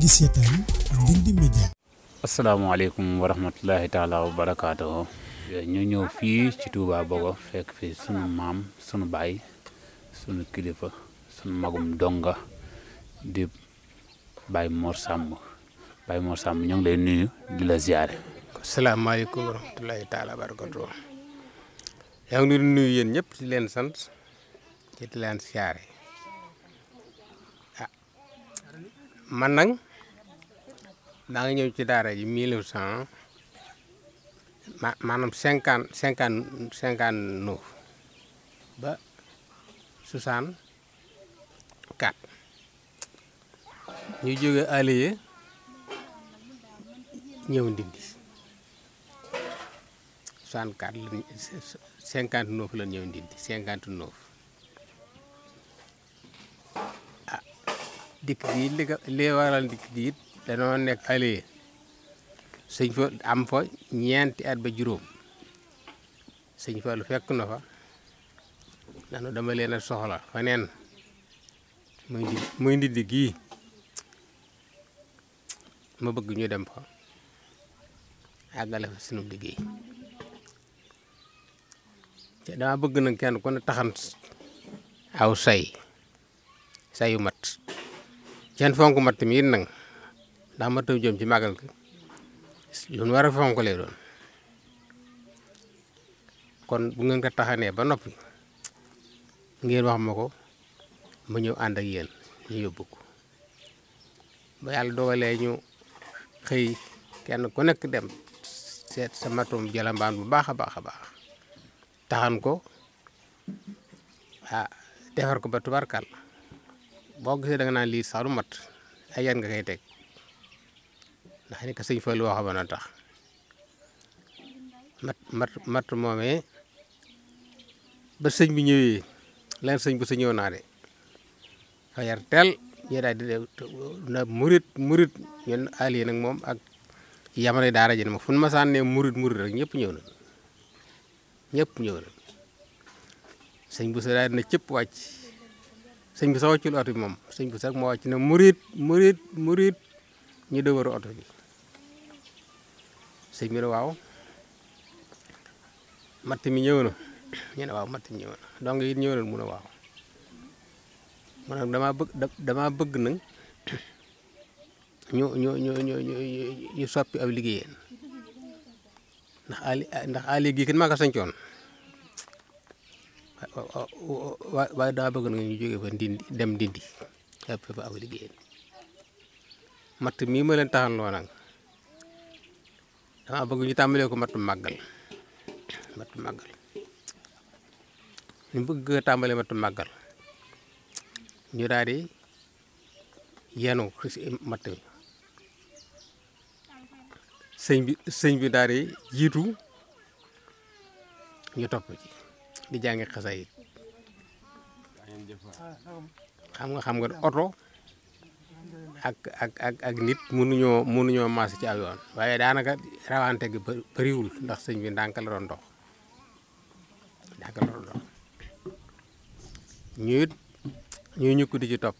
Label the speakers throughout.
Speaker 1: di seetaan Ndindy Média
Speaker 2: asalaamaaleykum taala wa barakaatuhu ñu ñëw fii ci tuuba Bogo fekk fi sunu maam sunu baay sunu kilifa sunu magum donga di Baye Mor Samb Baye Mor Samb ñoo ngi lay nuyu di la ziare. asalaamaaleykum wa rahmatullahi taala wa barakaatuhu leen nuyu yéen ñëpp di leen sant di leen ah, man nag. nangin yau chida ra yu milu ma manam sengkan sengkan sengkan nuf ba susan kat yu yu ga ali yu yu ndindis san kat sengkan nuf lu yu ndindis sengkan tu nuf dik di lewa lan danoo nekk allié sëñ fa am fa ñeenti at ba juróom sëñ fa lu fekk na fa danu dama leen a soxla fa neen muy ndi muy ndiddi gii ma bëgg ñu dem fa àggale fa sunu liggéey dama bëgg nag kenn ku ne aw say sayu mat kenn fonku mat mi it daa mat a jëm ci magal ga lu nu war a fonk lay doon kon bu ngeen ko taxanee ba noppi ngeen wax ma ko ma ñëw ànd ak yéen ñu yóbbu ko ba yàlla dogalee ñu xëy kenn ku nekk dem seet sa matum jalambaan bu baax a baax a baax taxan ko ah defar ko ba tubarkal boo gisee da nga naan lii sax mat ay yan nga kay teg ndax ni ko sëñ Fallu wax ba na tax mat mat mat moomee ba sëñ bi ñëwee lan sëñ bu sa ñëw naa de fa yar teel ñu daal na murit murit ñun aliyé nag moom ak yamare daara ji ma fu ma sànnee murit murit rek ñëpp ñëw na ñëpp ñëw bu sa daal na cëpp wàcc sëñ bu sa wàccul oto bi moom sëñ bu sa rek moo wàcc na murit murit murit ñu dëwëru oto bi sëñ bi ne waaw mi ñewna na ñu ne ñewna matt mi ñëw na donc it ñëw na mu ne waaw mu ne damaa bëgg dama bëgg nak ñu ñu ñu ñu ñu soppi ab liggéeyeen ndax ali eh, ndax ali gi kat maa ko sañcoon waaye bëgg nak ñu jóge fa dindi dem dindi, soppi fa ab liggéeyeen matt mi ma leen taxal lo nak dama bëgg ñu tàmbalee ko matu màggal matu màggal ñu bëgg tàmbalee matu màggal ñu daal di yenu si matt bi sëñ bi sëñ bi daal di jiitu ñu topp ci di jàngi xasayit xam nga xam nga oto ak ak ak nit mënuñoo mënuñoo maas ci yoon waaye daanaka rawante gi bëriwul ndax sëñ bi ndànk la doon dox ndànk la doon ñuy ñukk di ci topp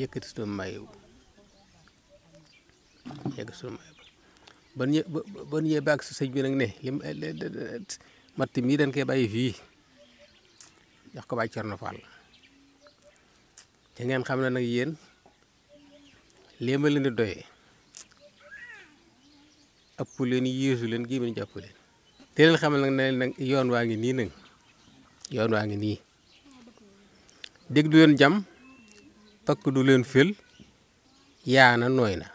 Speaker 2: yëkkati suñu mayu yëkkati suñu mayu ban ñë sëñ bi nag ne li eh, matt mii dañ koy bàyyi fii jox ko bàyyi Cerno Fall te ngeen xam ne nag yéen. lée ma leen di doyee ëpp leen yéesu leen gii mën jàpp leen te leen xamal yoon waa ngi nii nag yoon waa ngi nii dégg du leen jam pakk du leen fël yaana nooy na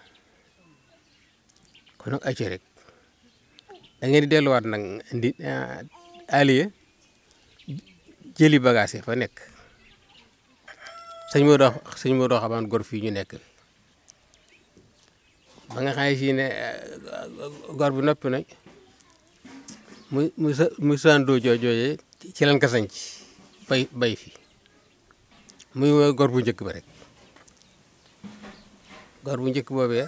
Speaker 2: kon nag acca ngeen di delluwaat nag ndi allié ah, jëli bagage yi fa nekk sëñ moo doo sëñ moo doo xamaan gor fii ñu nekk ba nga xam ne sii eh, gor bu noppi nag mu mu sa mu sandoo joojooyee ci lan ka bay bay fi muy mooy gor bu njëkk ba rek gor bu njëkk boobee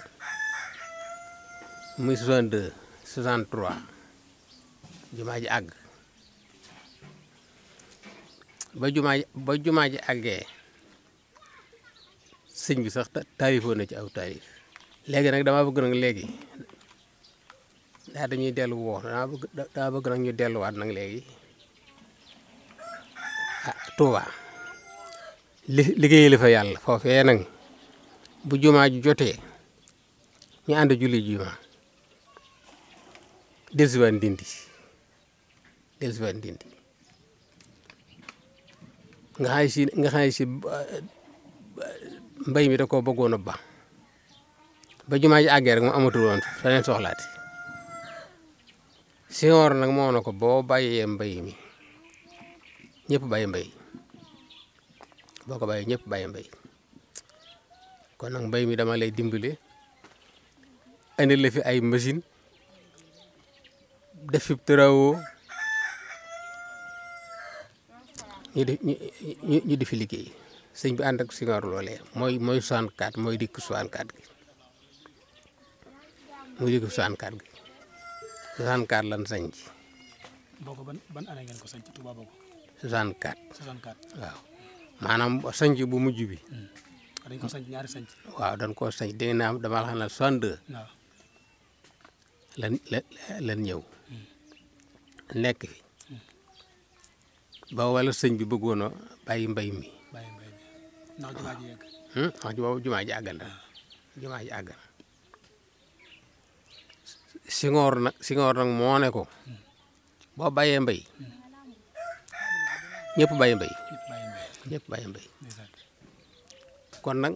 Speaker 2: muy 62 63 jumaa ji àgg ba jumaa ji ba jumaa ji àggee sëñ bi sax taalifoon na ci aw taalif legi nak dama bëgg nak legi da dañuy delu wo da bëgg da bëgg nak ñu delluwaat nag léegi ah Touba li liggéey li fa yalla fofé nak bu jumaa ji jotee ñu ànd julli jumaa dellusiwaat Ndindi dellusiwaat Ndindi nga hay si nga hay si mbay mi da ko bëggono ba ba juma ji agge rek mo amatul woon leneen soxlaati Senghor nag moo na ko boo bàyyee mbay mi ñepp baye mbay boko baye ñepp baye bàyyi mbay kon nak mbay mi dama lay dimbale ene le fi ay machine def fi trawo ñi ñi ñi di fi liggéey sëñ bi and ak Senghor lolé moy moy 64 moy dik 64 gi mu jóge 64 gi 64 lan sanc.
Speaker 1: boobu ban ban année ngeen ko sanc Touba boobu.
Speaker 2: 64. 64 waaw bu mujj bi. Hmm.
Speaker 1: ko sanc ñaari sanc.
Speaker 2: waaw dañ koo sanc dégg naa damaa xam ne 62. waaw lan lan hmm.
Speaker 1: hmm.
Speaker 2: ba wala sëñ bi bëggoon a mi.
Speaker 1: bàyyi
Speaker 2: jumaa ji jumaa ji Senghor nag Senghor nag moo ne ko boo bàyyee mbéy ñëpp bàyyi mbéy ñëpp bàyyi mbéy kon nag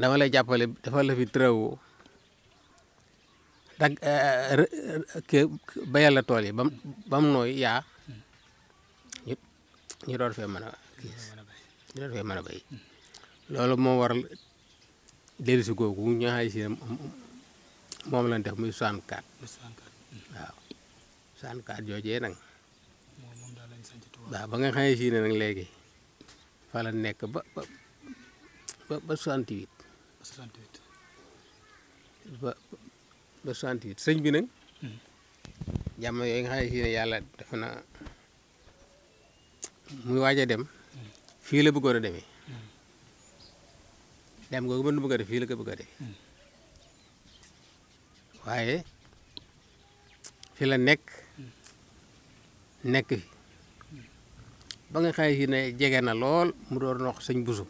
Speaker 2: dama lay jàppale dafa la fi travaux dag eh, la tool yi bam bam nooy yaa ñu ñu doon fee mën a ñu doon fee mën a béy loolu moo moom lañ def muy 64. 64 waaw 64 joojee nag. moom ba nga xamee si ne nag léegi fa la nekk ba ba ba ba 68. ba sëñ bi nag. Hmm. jamono yooyu nga xamee si yàlla def na muy waaj dem. Hmm. fii la bëggoon a deme hmm. dem googu ba nu bëgg a fii la ko bëgg a waaye fi la nekk nekk fi ba nga xam si ne jege na lool mu doon wax sëñ busu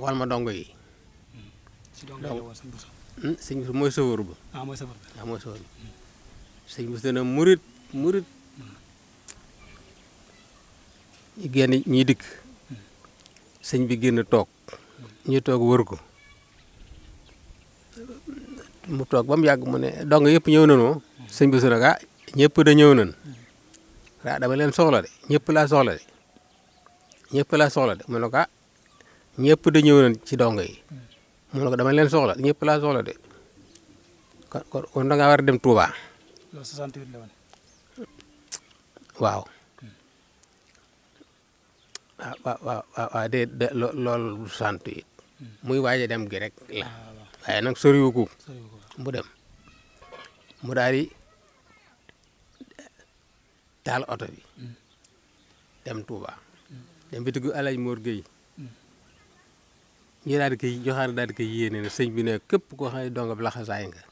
Speaker 2: wal ma dongo yi. sëñ busu hmm, mooy sëwër ba. ah mooy sëwër ba ah mooy sëwër ba. sëñ busu dana murit murit ñu génn ñi dikk sëñ bi génn toog ñu toog wër ko. mu toog ba mu yàgg mu ne dong yëpp ñëw nañoo sëñ bi su nag ah ñëpp da ñëw nañ ah dama leen soxla de ñëpp laa soxla de ñëpp laa soxla de mu ne ko ah ñëpp da ñëw nañ ci dong yi mu ne ko dama leen soxla ñëpp laa soxla de kon kon kon da ngaa war a dem Touba.
Speaker 1: loolu 68 la woon.
Speaker 2: waaw. ah waaw waaw waaw de de loolu sant yi hmm. muy waaj a dem gi rek la ah, waaye nag soriwu ko. mu dem mu taal oto bi dem Touba dem bi tugg Alaaji Moor Géy ñu daal di koy joxaar daal di koy yéene ne sëñ bi ne képp koo xam ne dongab laxasaay nga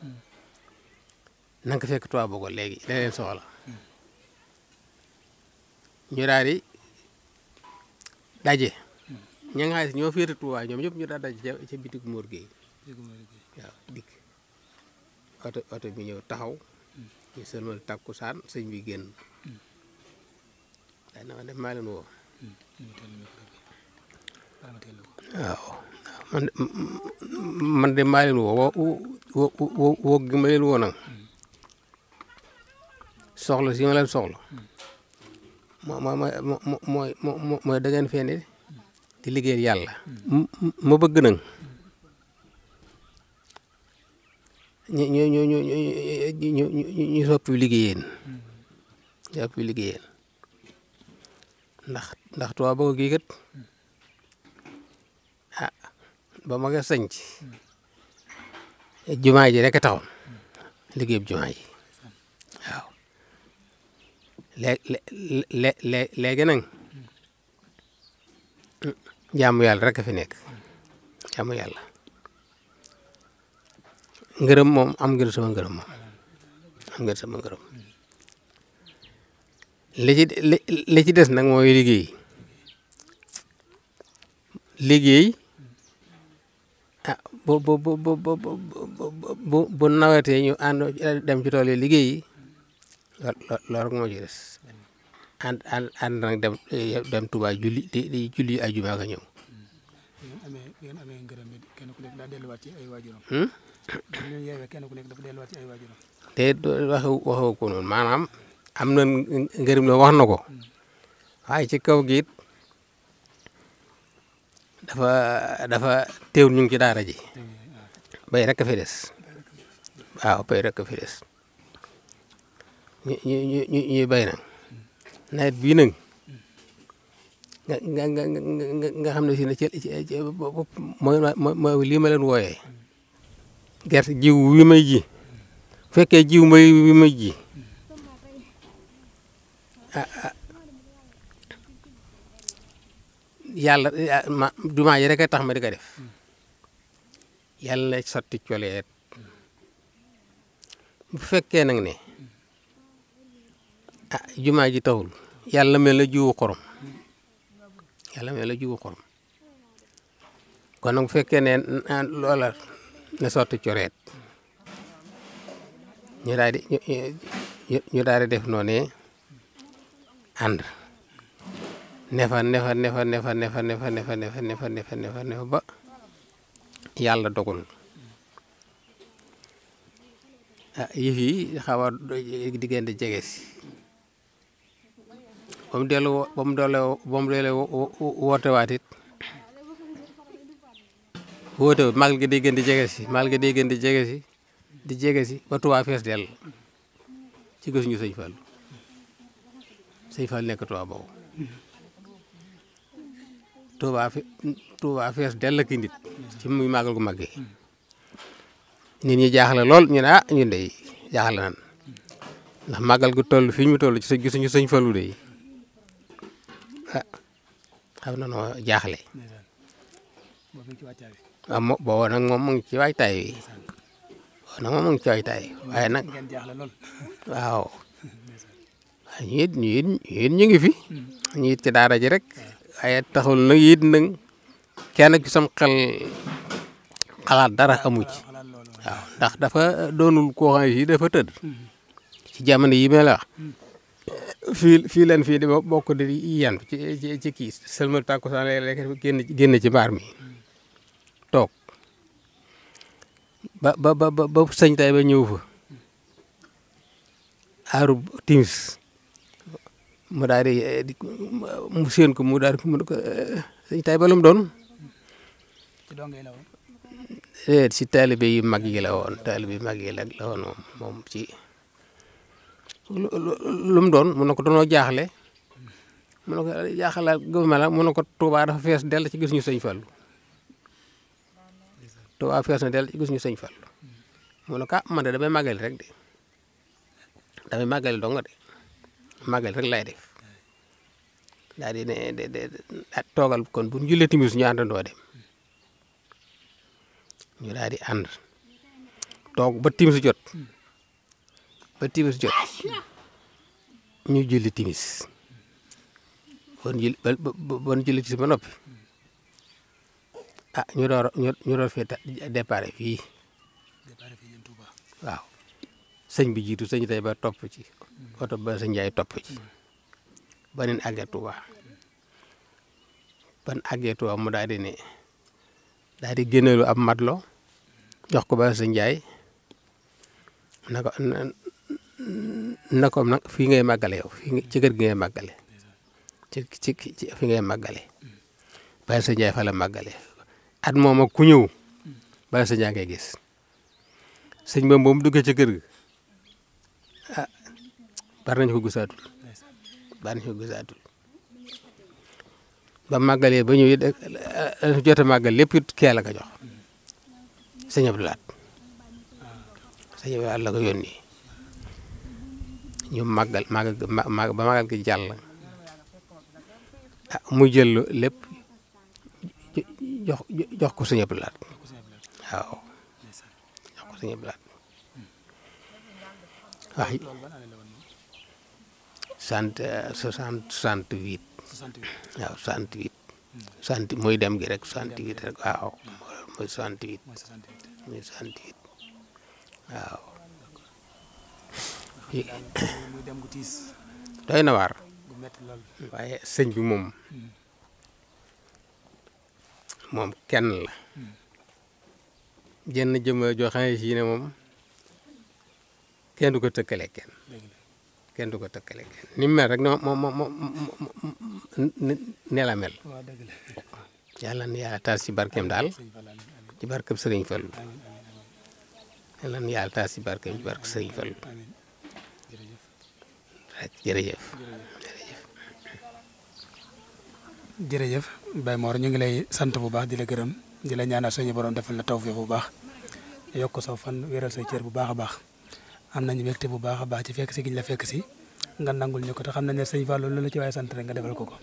Speaker 2: na nga fekk Touba Bogo léegi la leen soxla daje ña ñoo féete Touba ñoom ñëpp ñu daal daje ca bitig Moor Géy oto oto bi ñëw taxaw ñu sëlmal takkusaan sëñ bi génn day na ma def maa leen woo waaw man man de maa leen woo woo woo woo gi ma leen woo nag soxla si ma leen soxla moo moo moo mooy mooy da ngeen fee ne di liggéeyal yàlla ma bëgg nag ñu ñu ñu ñu ñu ñu soppi liggéeyeen soppi liggéeyeen ndax ndax Tuubaa bëgg gii kat ah ba ma nga sañc jumaa ji rek taxoon liggéeyub jumaa ji waaw léeg léegi nag jaamu yàlla rek a fi nekk jaamu yàlla ngërëm mom am ngeen sama ngërëm mom am ngeen sama ngërëm li ci li ci ah, bu, bu, bu, bu, bu, bu, bu bu bu bu bu bu bu, ñu bu, dem ci bu, bu, bu, bu, rek bu, ci bu, bu, bu, bu, bu, dem dem Touba julli di bu, julli ay bu, bu, bu, bu, bu,
Speaker 1: bu, bu, bu, kenn ku bu, bu, bu, ci ay bu, ñu yeewee kenn ku nekk dafa delluwaat ci ay waajuram
Speaker 2: te waxe waxoo ko noonu maanaam am na ngërëm la wax na ko waaye ci kaw gi it dafa dafa teewul ñu ngi ci daara ji bay rek fi des waaw bay rek fi des ñu ñu ñu ñuy bay nag nawet bii nag nga nga nga nga xam ne si ne ci mooy mooy lii ma leen wooyee. gerte jiw wi may ji fekke jiw may wi may ji yalla duma yi rek tax ma di def yalla na sotti coleet bu fekke nak ne ah juma ji tawul yalla mel la jiwu xorom yalla mel la jiwu xorom kon nak fekke ne lolal na sotti coreet ñu daal def noonu ànd nefa nefa nefa nefa nefa nefa nefa nefa nefa nefa nefa nefa ba yàlla dogul ah yëf yi xaw a diggante jege si ba mu delloo ba mu delloo ba mu delloo woote wut magal gi day gën di jege si magal gi day gën di jege si di jege si ba Tuubaa fees dell ci gisuñu sëñ Fall sëñ Fall nekk Tuubaa boobu Tuubaa fe Tuubaa fees dell ki ci muy magal gu mag gi nit ñi jaaxla lool ñu ne ah ñun de jaaxle nan ndax magal gu toll fii ñu toll ci sa gisuñu sëñ Fallu de ah xam na noo jaaxle. waaw mo booba nag moom mu ngi ci waajtaay wi booba nag moom mu ngi ci waajtaay waaye nag waaw ñu it ñu it ñu ngi fi ñu it ci daara ji rek waaye taxul nag it nag kenn ku sam xel xalaat dara amu ci waaw ndax dafa doonul koo xam ne dafa tëdd ci jamono yi may la wax fii fii fii di bokk di yenn ci ci kii seulement tàkkusaan léeg-léeg génn ci mbaar mi. Tok, ba ba ba ba ba tay ba ba fa ba ba mu ba di mu ba eh, eh, ko mu ba ba mu ko ba tay ba ba ba ba ba ba ba ba mag yi la ba ba ba mag yi la ba ba ba ci ba ba doon mu ba ba ba ba mu ba ba ba ba ba mu ba ba ba dafa ba ba ci ba ba Fallu to waa fees na del gis ñu sëñ Fall mu ma ko ah man de damay màggali rek de damay màggali dong de magel rek lai def lai di ne de de toogal kon bu ñu jullee timis ñu do dem ñu de di ànd toog ba timis jot ba timis jot ñu julli timis bon julli ba bon julli timis ba noppi. ah ñu door fee départ fii waaw sëñ bi jiitu sëñ tey ba topp ci oto ba sëñ Njaay topp ci ba neen àggee Tuuba ban àggee Tuuba mu daal di ne daal di génneelu ab jox ko ba sëñ Njaay na ko na nag fii ngay màggale yow fii ngay màggale ci ci fi ba sëñ Njaay fa la at moom ak ku ñëw bala sëñ yaa ngay gis sëñ ba boobu duggee ci kër gi ah bari nañu ko gisaatul bari nañu ko gisaatul ba màggalee ba ñëw it dañu eh, eh, eh, jot a màggal lépp it kee la ko jox sëñ Abdou Lahat sëñ Abdou la ko yónni ñu màggal màggal ba màggal gi jàll ah mu jël lépp jox jox ko sëñ Abdou Lahad waaw sant soixante soixante huit waaw soixante huit soixante dem gi rek soixante huit rek waaw mooy soixante huit mooy soixante huit waaw doy na waar waaye bi moom hmm. moom kenn la jenn jëmm joo xam ne si ne moom kenn du ko tëkkale kenn kenn du ko tëkkale kenn ni mu mel rek moom moom moom ne la mel yàlla na yàlla taas ci barkeem daal ci barkeem sëriñ Fallu yàlla na yàlla taas ci barkeem ci barkeem sëriñ Fallu jërëjëf jërëjëf
Speaker 1: jërëjëf bay Mor ñu ngi lay sant bu baax di la gërëm di la ñaanal suñu borom defal la tawfiq bu baax yokk sa fan wéral sa cër bu baax a baax am nañu mbégte bu baax a baax ci fekk si giñ la fekk si nga nangul ñu ko te xam nañ ne sëñ Fallou loolu la ci waaye sant rek nga defal ko ko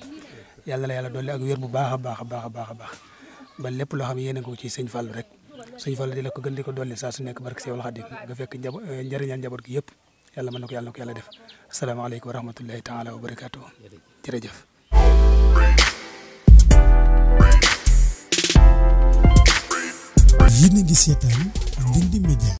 Speaker 1: yàlla la yàlla dolli ak wér bu baax a baax a baax a baax a baax ba lépp loo xam ko ci sëñ rek sëñ Fallou di la ko gën di ko dolli saa su nekk barke Sewal Xadim nga fekk njab eh, njëriñal njaboot gi yëpp yàlla mën na ko yàlla ko yàlla def asalaamaaleykum wa rahmatullahi taala wa barakaatu jërëjëf gën a gis di Ndindy